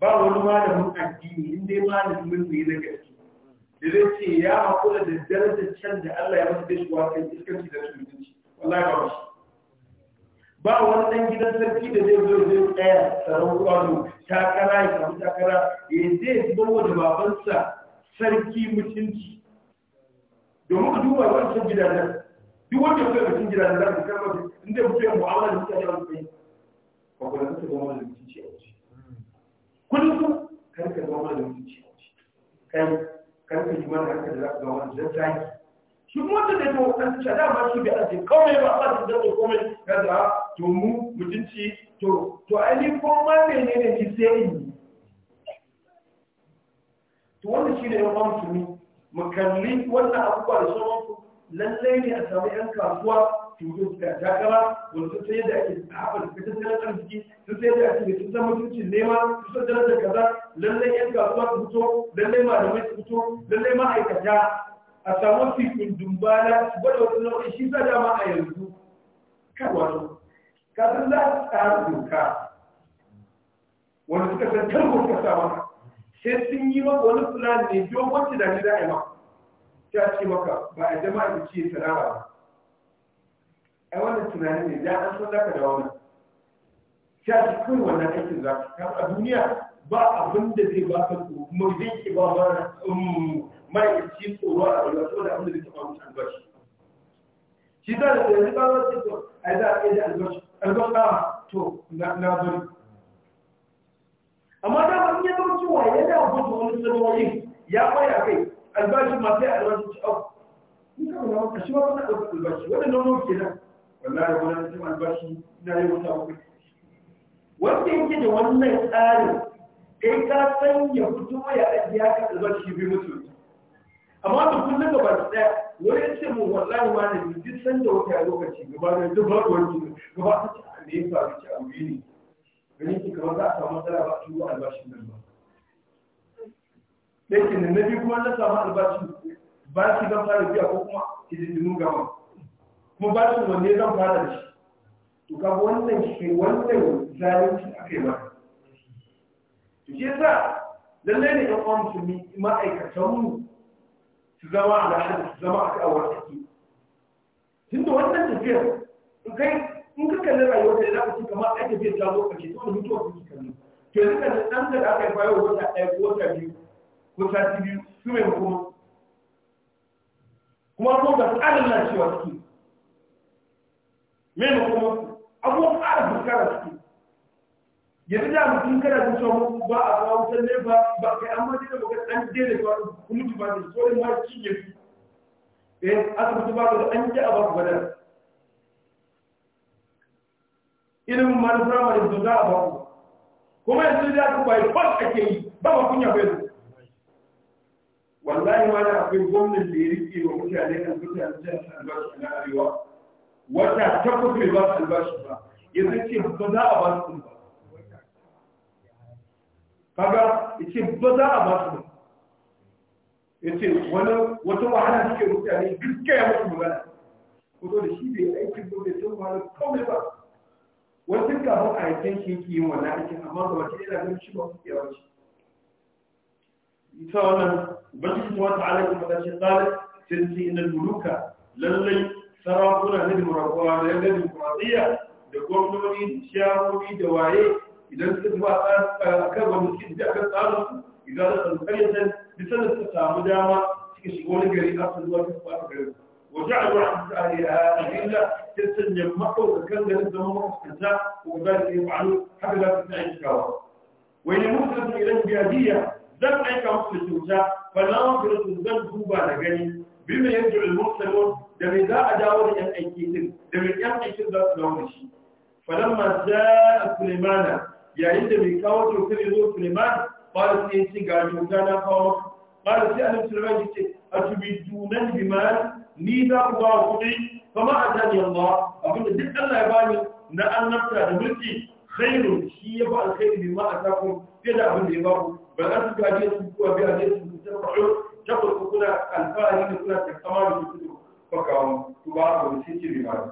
ba wani malamin addini in dai malamin ne na gaske da zai ce ya haƙura da darajar can da Allah ya masa da shi wakan iskanci da surutunci wallahi ba shi ba wani ɗan gidan sarki da zai zo zai tsaya tsaron kwano takara ya samu takara ya zai zubarwa da babansa sarki mutunci domin ka duba sun gidajen duk wanda kuka ga cikin da za inda mutum ya mu'amala da mutane a wani ba ku da kuka zama da mutunci a wuce kullum karka zama da mutunci kai karka yi mana haka da za ka zama da zaki shi kuma da zai zama kan cewa dama shi bai ajiye komai ba a su zama komai kaza to mu mutunci to to ainihin kuma mene ne ki sai to wannan shi ne ya musulmi mu kalli wannan abubuwa da sauransu lallai ne a samu 'yan kasuwa su suka takara wanda sun sayar da ake haɓar da tattalin arziki sun sai da ake sun san mutuncin nema sun da darajar kaza lallai 'yan kasuwa su fito lallai da su fito lallai aikata a samu fikin dumbala su gwada wasu nau'i shi sa dama a yanzu kan wani kasar za su tsara doka wanda suka san tarko suka sa maka sai sun yi maka wani fulani ne dogon tunani za a yi maka ta ce maka ba a jama'a da ce sarawa ba ai wannan tunanin ne da an san ka da wannan ta ce kai wannan aikin za ka kan a duniya ba abin da zai ba ka tsoro kuma zai ke ba ba um, ma'aikaci tsoro a rayuwa saboda abin da zai taɓa mutu albashi shi za da yanzu ba za su yi za a iya da albashi albashi ba to na bari amma da ban yi zama cewa yana gudu wani sanarwar ya kai albashin masu yi albashin ci au ni ka na wata shi ma wani ɗaukar albashi wani nono ke nan wallahi wani na cin albashi na yi wata wata wanda yake da wannan tsarin kai ka san ya fito ya ajiye haka albashi bai mutu amma da kullum gaba ɗaya wani ya ce mu wallahi ma ne duk san da wata lokaci gaba da duk ba wani gaba ta ce a ne ya faru ci a wuri ne ganin ki kamar za a samu matsala ba a tuba albashin nan ba ɗaya na biyu kuma na samu albashi ba shi zan fara biya ko kuma hidindimu gama kuma ba shi wanne zan fara da shi to ka wannan shi wannan zalunci a kai ba to shi yasa lallai ne ɗan uwan musulmi mu su zama a lahadi su zama a kawar take tunda wannan tafiyar in kai in ka kalli rayuwar da za ka ci kamar ake biyar ta zo ce to da mutuwa kake kalli to yanzu kan dan da aka yi bayo wata ɗaya ko wata biyu lokaci biyu su mai kuma kuma ba su ƙarin lancewa suke mai kuma abubuwan ƙara fuskara suke yanzu da mutum kana jin cewa mu ba a kawo wutar ne ba ba kai an ma dina magana an daina kawo da kuma mutu ba da tsoron ma ci ya fi eh asibiti ba da an ji a ba ku gadar ilimin ma na firamare da za a ba ku kuma yanzu da ku bai kwas ake yi ba ma kunya bai wallahi ma da akwai gwamnan da ya rike wa mutane kan mutane jan albashi na arewa wata takwas bai ba su albashi ba ya zai ce ba za a ba su ba kaga ya ce ba za a ba su ba ya ce wani wata wahala suke mutane gaskiya ya mutu magana ko da shi bai aikin ba bai san wahala kawai ba wani duk kafin a yankin shi yake yin wannan aikin amma ba wata yana ganin shi ba su kewa shi ita wannan ubangiji ta wata alaƙa makashin tsarin sirri inda muluka lallai sarakuna na dimokurawa da yadda dimokuraɗiyya da gwamnoni da ciyawomi da waye idan suka zuwa a kan wani suke da akan tsarin su idan da tsarin karyatar bisa da suka samu dama suka shiga wani gari a sun zuwa ta fata gari wajen a zuwa ta tsari a abinda ta sanya maɗaukakan garin zama makaskanta ko za su yi ma'anu haka za su ta aikawa wani mutum idan biya ذات أي كامس في الجوجة فنظر الزن جوبا لغني بما يرجع المسلمون دم إذا أداور أن أكيتن دم إذا أكيتن ذات نومش فلما جاء سليمان يا إنت بكاوت وكل يدور سليمان قال سيئتي قال جوجانا قوم قال سيئة سليمان جيت أتبدونا بمال نيدا وغاوتي فما أتاني الله أقول لك أن يباني نأل نفسها دمتي خير شيء يبقى الخير بما أتاكم كده أبن يبقى فالناس في أدية سبوة في أدية سبوة تقول كنا الفاهمين كنا تكتمال بسيطة فكاهم تبعض ونسيتي بمعنى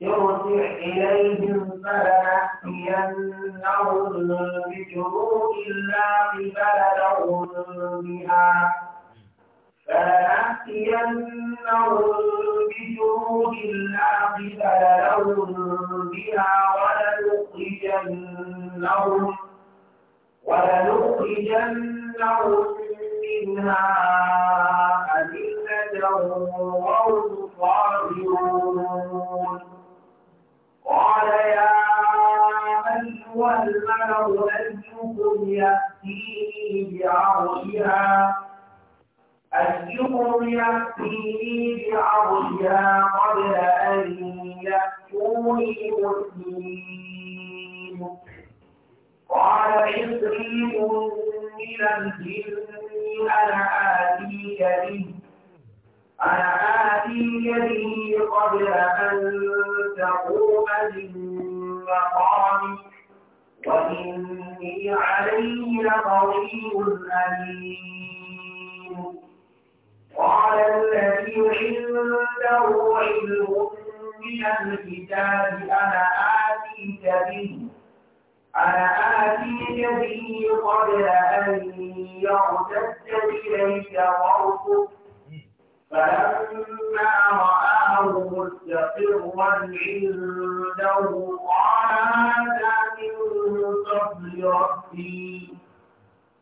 يرجع إليهم فلنأتينهم بشروط لا قبل بها فلنأتينهم بشروط لا قبل بها ولا ولنخرجنهم ولنخرجنهم منها أذلة وهم صاغرون قال يا أيها الملأ أيكم يأتيني بعرشها أيكم يأتيني بعرشها قبل أن يأتوني مسلمين قال عفريت من الجن أنا آتيك به أنا آتيك به قبل أن تقوم من مقامك وإني عليه لقوي أليم قال الذي عنده علم من الكتاب أنا آتيك به أنا آتيك به قبل أن يرتد إليك طرفك فلما رآه مستقرا عنده قال هذا من فضل ربي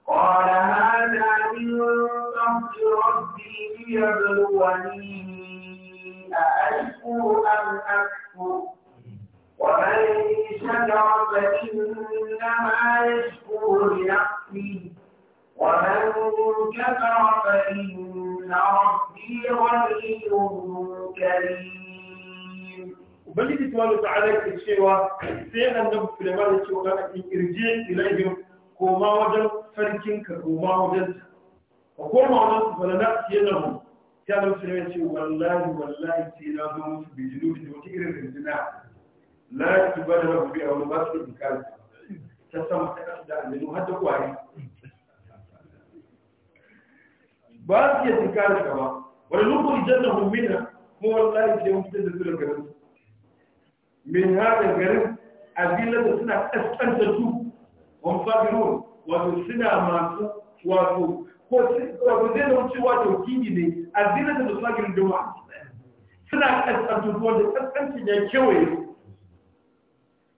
قال هذا من فضل ربي ليبلوني أأشكر أم أكفر ومن شكر فإنما يشكر لنفسه ومن كفر فإن ربي غني كريم وبلغ سؤال تعالى الشيوة سيئا نبو سليمان الشيوة أن إرجع إليهم كوما وجل فركين كوما وجل وكوما وجل فلنأتينهم يا نبو سليمان الشيوة والله والله سيئا نبو بجنوب وكئر الرجناء la ki da na gobe a wani ba su da inkari ta sama ta kasu da aljanu har da kwari ba su iya inkari ka ba wani nukuri janna hummina ko wallahi sai mun fitar da su da garin min hada garin abilan da suna kaskanta su wani fagirun wato suna masu wato ko wato zai zama cewa tauki ne abilan da su fagirin jama'a suna kaskanta su wanda kaskancin ya kewaye su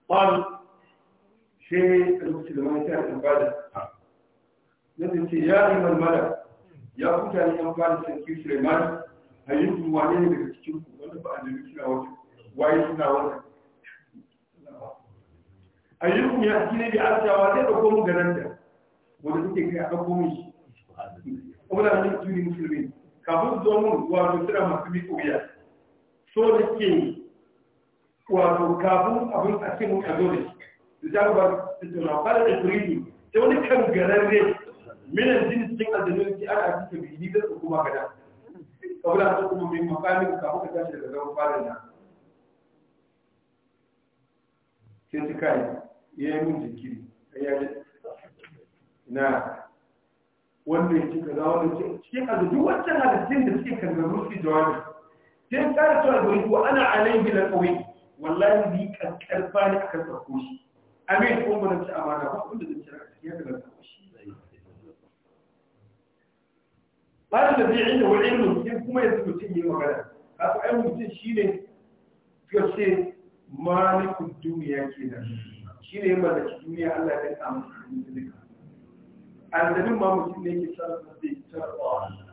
قال شيء المسلمين كان ينبال نزلت يا أيها الملك يا كنت أن ينبال سنكي سليمان أيضا وعليه لك تشوف وانا بقى نبيتنا وجه وعيشنا وجه ayyukum ya kine bi arjawa zai dauko mu garan da wanda suke kai a dauko mu shi kuma da mutum musulmi kafin zuwa mun wa mutura masu bi koya so da ke wato kafin abin a ce muka zo da da ta ba tattauna fara da kuridi ta wani kan ne minan jini cikin aljanu ki ana cikin biyi da su kuma gada kawai ta kuma mai makamin kafin ka tashi daga zaman fara na sai ta kai ya yi min jikiri ya na wanda ya ci kaza wanda ce cikin azubi wancan halittun da suke kan zaru su jawabi sai kare cewa da wani ana alaihi la kawai wallahi ni kakkar ba ne akan farko shi amin ko ba ci amana ba abinda zan kira gaskiya daga farko shi ba da bi inda wa ilmu sai kuma yanzu mutum yi magana kafa ai mutum shine kace malikud duniya kenan shine yamma da duniya Allah ya ta masa duka annabin ma mutum ne yake sarrafa zai sarrafa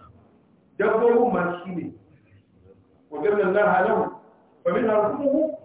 dabbobin ma ne. wa nan lahu fa min harfuhu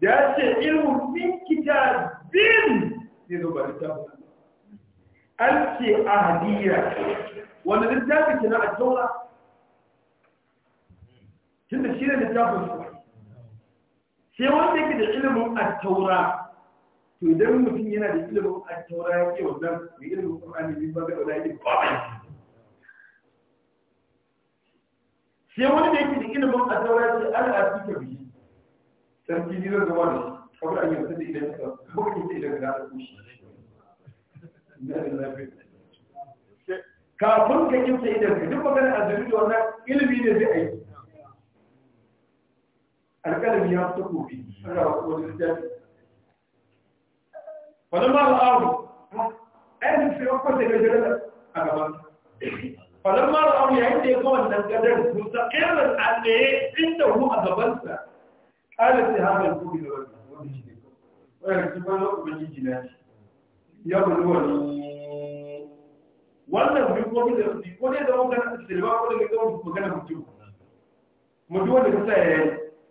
da ya ce ilmu min kitabin ne zo ba littafin an ce Hadiyya. wanda ta ke na addaura tun da shi ne littafin su sai wanda yake da ilimin taura? to idan mutum yana da ilimin addaura ya ke wannan da ilimin an bin ba da wada yake ba sai wanda yake da ilimin taura ya ce a ta biyu sarki ni zan zama da shi an yi wasu da idan ka kuma ka idan ka da kushi kafin ka kimsa idan ka duk magana a zuri da wannan ilimi ne zai aiki alƙalami ya fita kofi an rawa ko wani littafi wani ma al'awu ɗan sai wakwa sai ga jirar a gaban falon ma al'awu yayin da ya ga wannan gadar musa ƙirar an da inda hu a gabansa ƙara sai haɗar kuma da wani wani shi ne wani shi ba na ubangiji na shi ya bari wani wannan duk wani da rufi ko dai zama kana da ba ko da zama magana mutum mutum wanda ka sa ya yi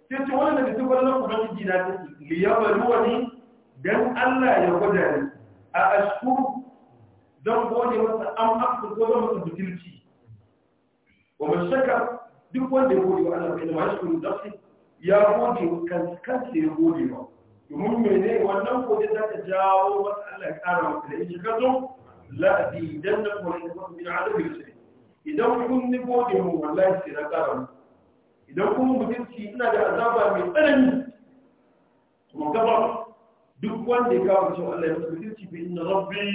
sai ce wannan da duk wani ubangiji na shi ya bari wani dan Allah ya gwada ni a ashkuru don gode masa an afkur ko zan masa butulci wa mashaka duk wanda ya gode wa Allah bai da mashkuru da shi ya gode kan kansa ya gode ba domin mene wannan gode za ta jawo wasu Allah ya kara masa da in ka zo la didan na kuma in kuma bin adabi sai idan kun ni gode mu wallahi sai na kara mu idan kuma mutunci ina da azaba mai tsanani kuma gaba duk wanda ya kawo cewa Allah ya masa mutunci bi inna rabbi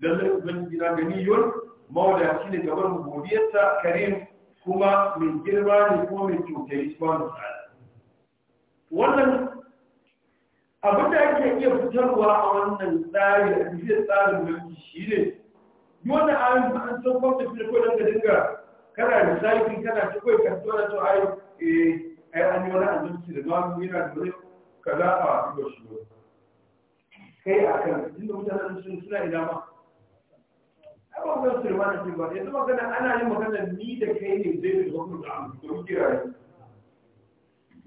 lallai ubangiji na ganiyun mawadaci ne gaban godiyarsa karim kuma mai girma ne kuma mai cutar ismanu ta'ala wannan abin da ake iya fitarwa a wannan tsari a cikin tsarin mulki shi ne yi wannan ayin ba an san kwamta fi da kawai ka dinga kana da zafi kana ta kawai ka tona to ai yi eh, an yi wani azumci da ma mu yana da wani kaza a duba shi ne kai a kan inda mutanen sun suna ina ma ai ba zan surma da ba yanzu magana ana yin magana ni da kai ne zai da wani da amfani da kira ne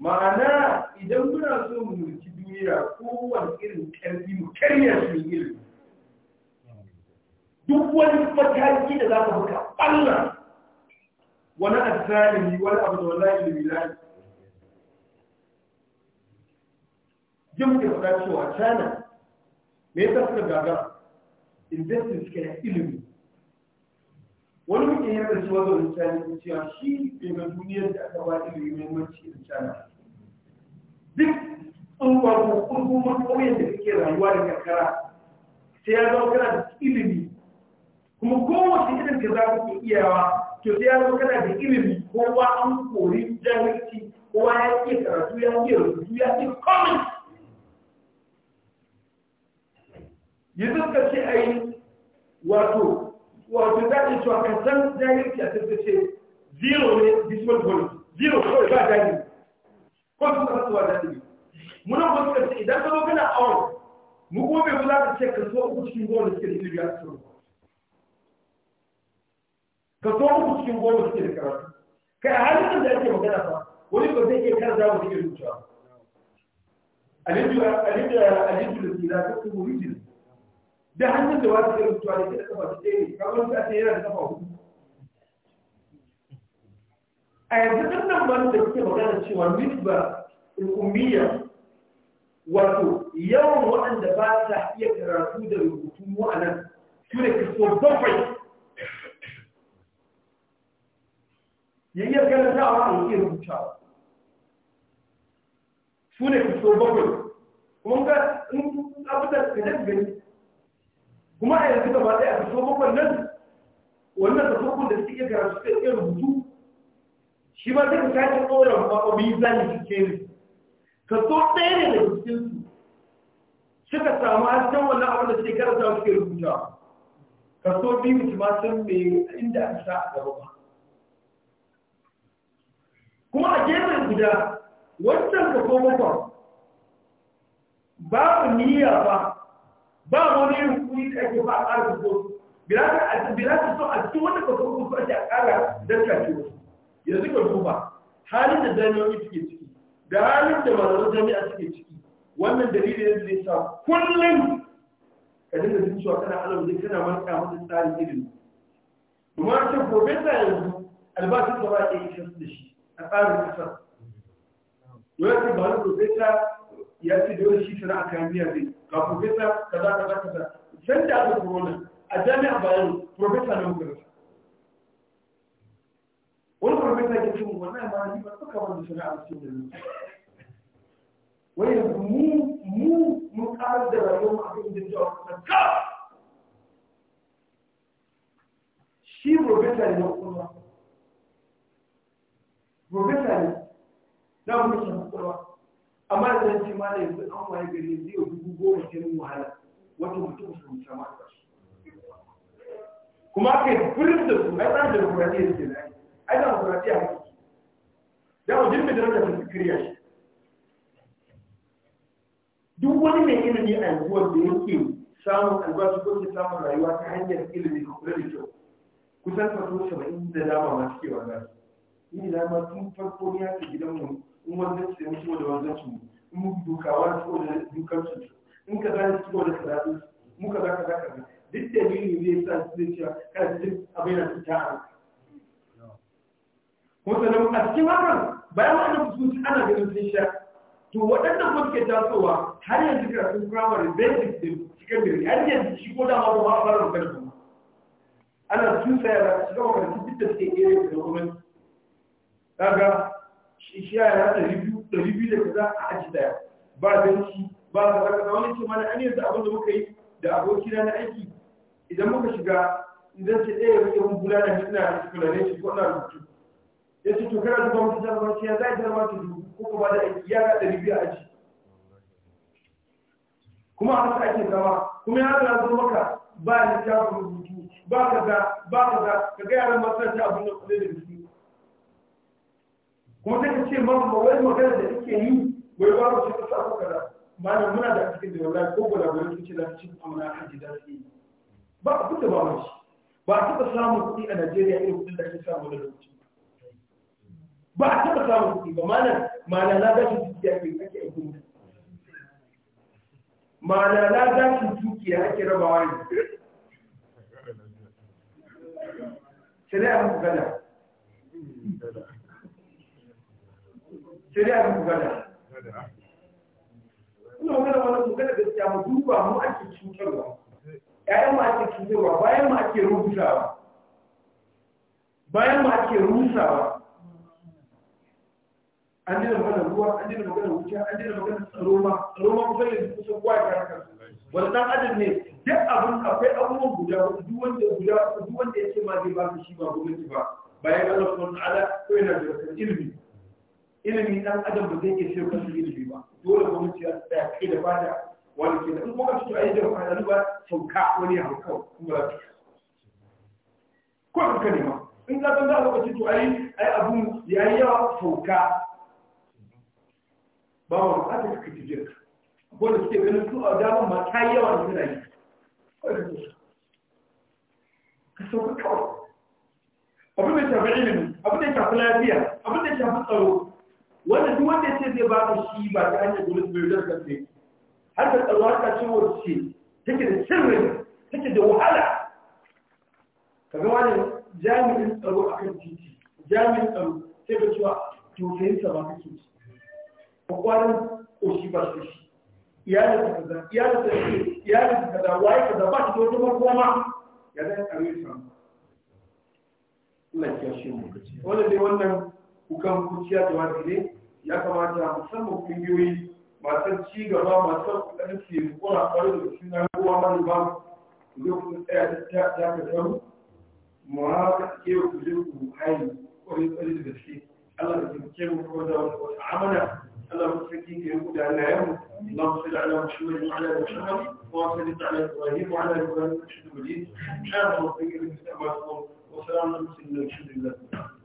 ma'ana idan muna so mu mulki duniya kowane irin ƙarfi mu karya su ilimi duk wani mataki da za ka buka ɓalla wani azzalimi wani abu da wallahi ilimi lai jim da faɗa cewa china mai yasa gaga investing suka yi ilimi wani mutum ya kasance wanda wani tsanin cewa shi bai ga duniyar da aka ba ilimi muhimmanci da tsana duk tsungwaro kuma ƙauyen da kake rayuwa da karkara sai ya zama kana da ilimi kuma kowace irin da za ku ke iyawa to sai ya zama kana da ilimi kowa an kori jahilci kowa ya ke karatu ya ke rubutu ya ke komai yanzu ka ce a yi wato wato za a yi cewa kan san jahilci a tattace ce zero ne decimal point zero kawai ba jahili ko sun kasu wa jahili muna ko suka ce idan ka zo kana awon mu kuma bai kula ka ce kaso uku cikin goma suke da ilimi a cikin kaso uku cikin goma suke da karatu kai a halin da ake magana fa wani ba zai iya karanta wa cikin zuciya alidu alidu alidu da tsira ta kuma rijin da hannun da wata irin tuwa da ke da kafa su ɗaya kamar su a ce yana da kafa hudu a yanzu ɗan nan ba da kuke magana cewa nisba umiyya wato yawan waɗanda ba sa iya karatu da rubutu mu a nan su ne kaso bakwai ya iya karantawa a iya rubutawa su ne kaso bakwai kuma ga abu da ka gani kuma a yanzu gaba ɗaya a kaso bakwai nan wannan kaso kun da suke karatu suka iya rubutu shi ma zai ka sake tsoron ba ba biyu zani cike ne kaso ɗaya ne da cikin su suka samu hasken wannan abin da suke su ke rubuta kaso biyu su ma san me inda a sa a gaba ba kuma a gefen guda wancan kaso bakwai babu niyya ba ba wani rukuni da ake ba a ƙara fito bila su so a cikin wanda ka so su ake a ƙara don kace wasu yanzu ka duba halin da jami'o'i suke ciki da halin da malaman jami'a suke ciki wannan dalili ne zai sa kullum ka dinga jin cewa kana alam zai kana marka masa tsarin ilimi kuma ce profesa yanzu albashin da ba a iya su da shi a tsarin ƙasar yau ya ce ba wani profesa ya ce da shi sana'a kayan biya zai professor profesa kaza kaza kaza san da corona a jami'a bayan profesa na muka wani profesa ya ce wannan ma ni ba suka wani sana'a cikin da ni wai yanzu mu mu mun karar da rayuwar mu abin da jawo kusa ka shi profesa ne na kwakwalwa ne na mutum kwakwalwa amma da zan ce ma da yanzu an waye gari zai dubu goma sai mun wahala wata mutum su mutu ma da su kuma aka yi burin da su ai tsarin demokuraɗiyya ke na ai tsarin demokuraɗiyya haka suke da jirgin da daraja su kiriya shi duk wani mai ilimi a yanzuwar da yake samun albashi ko ke samun rayuwa ta hanyar ilimi ko kula da kyau kusan kaso saba'in da dama masu kewa na su ni na ma tun farko ni haka gidanmu in wanzan su mu shigo da wanzan su in mu dukawa su da dukan su in ka zai shigo da karatu mu ka za ka za ka duk da ni zai sa su zai cewa kada su abin da su ta'a kuma sannan a cikin hakan bayan wannan fuskoci ana ganin sun sha to waɗannan kuma suke tasowa har yanzu karatun firamare basic din secondary har yanzu shi ko dama ba ma a fara rukar ana tusa yara su gama karatun duk da suke ƙere da gwamnati kaga shi ya yana ɗari biyu ɗari da kaza a aji ɗaya ba zanci ba kaza kaza wani ce mana an yanzu abin da muka yi da abokina na aiki idan muka shiga idan ce ɗaya rike mun bulala ne ina shi ko ina rubutu ya ce to kana da wani jarabar ce ya za a jarabar ta dubu ko kuma da aiki ya ga ɗari biyu a aji kuma a haka ake zama kuma ya ga zo maka ba littafin rubutu ba kaza ba kaza ka ga yaran masu ta abin da kuɗe da bisu kuma sai ka ce maka ba wai magana da kake yi wai ba ku ce ka sa kuka da malam muna da cikin da wallahi ko gwada gwada kuce za su ci amana kan ji daɗi ba a kuka ba mace ba a taɓa samun kuɗi a Najeriya irin kuɗin da ake samu da lokaci ba a taɓa samun kuɗi ba malam malam na gashi dukiya ke ake aiki mutu malam na gashi dukiya ake rabawa ne sai dai a kuka da sai dai abin gada ina magana wani su gada gaskiya mu duba mu ake cutarwa ƴaƴan mu ake cutarwa bayan mu ake rubutawa bayan mu ake rusawa an dina magana ruwa an dina magana wuta an dina magana tsaro ma tsaro ma kusan yanzu kusan kowa ya kara wani dan adam ne duk abin akwai abubuwan guda duk wanda guda duk wanda ya ce ma zai ba shi ba gwamnati ba bayan Allah subhanahu wa ta'ala ko yana da ilimi ilimi dan adam ba zai iya ce ba ilimi ba dole gwamnati ya tsaya kai da bada wani ke da in kuma cikin ayyukan da fada ba sauka wani hauka kuma za ko in ka nema in za ka za ka ce to ai ai abu ya yi yawa sauka ba wa haka kake tijin wanda suke ganin su a daman ma ta yi yawa da suna yi ka sauka kawai abin da shafi ilimi abin da shafi lafiya abin da shafi tsaro wannan duk wanda ce zai ba shi ba ta hanyar gudun mai da kafe har da tsaro haka ce wacce take da sirrin take da wahala ka ga wani jami'in tsaro a kan titi jami'in tsaro sai ka cewa tausayinsa ba kake ci kwanan ƙoshi ba su shi iyalin ta kaza iyalin ta iyalin ta kaza waye kaza ba shi da wata makoma ya zai tsaro ya samu Allah ya shi mu kace wannan dai wannan kukan kuciya da wani ne ya kamata musamman kungiyoyi masu ci gaba masu ƙoƙarin ke kura ƙwarar da su na ruwa ba ku zo ku tsaya ta takasaru mu haka ke ku je ku haini ƙwarar ƙwarar da gaske Allah da ke mu kawar da wata amana Allah mu saki ke ku da Allah ya mu Allah mu salli ala Muhammad wa ala Muhammad wa salli ala Ibrahim wa ala Ibrahim wa salli ala Muhammad wa salli ala Muhammad wa salli ala Muhammad wa salli ala Muhammad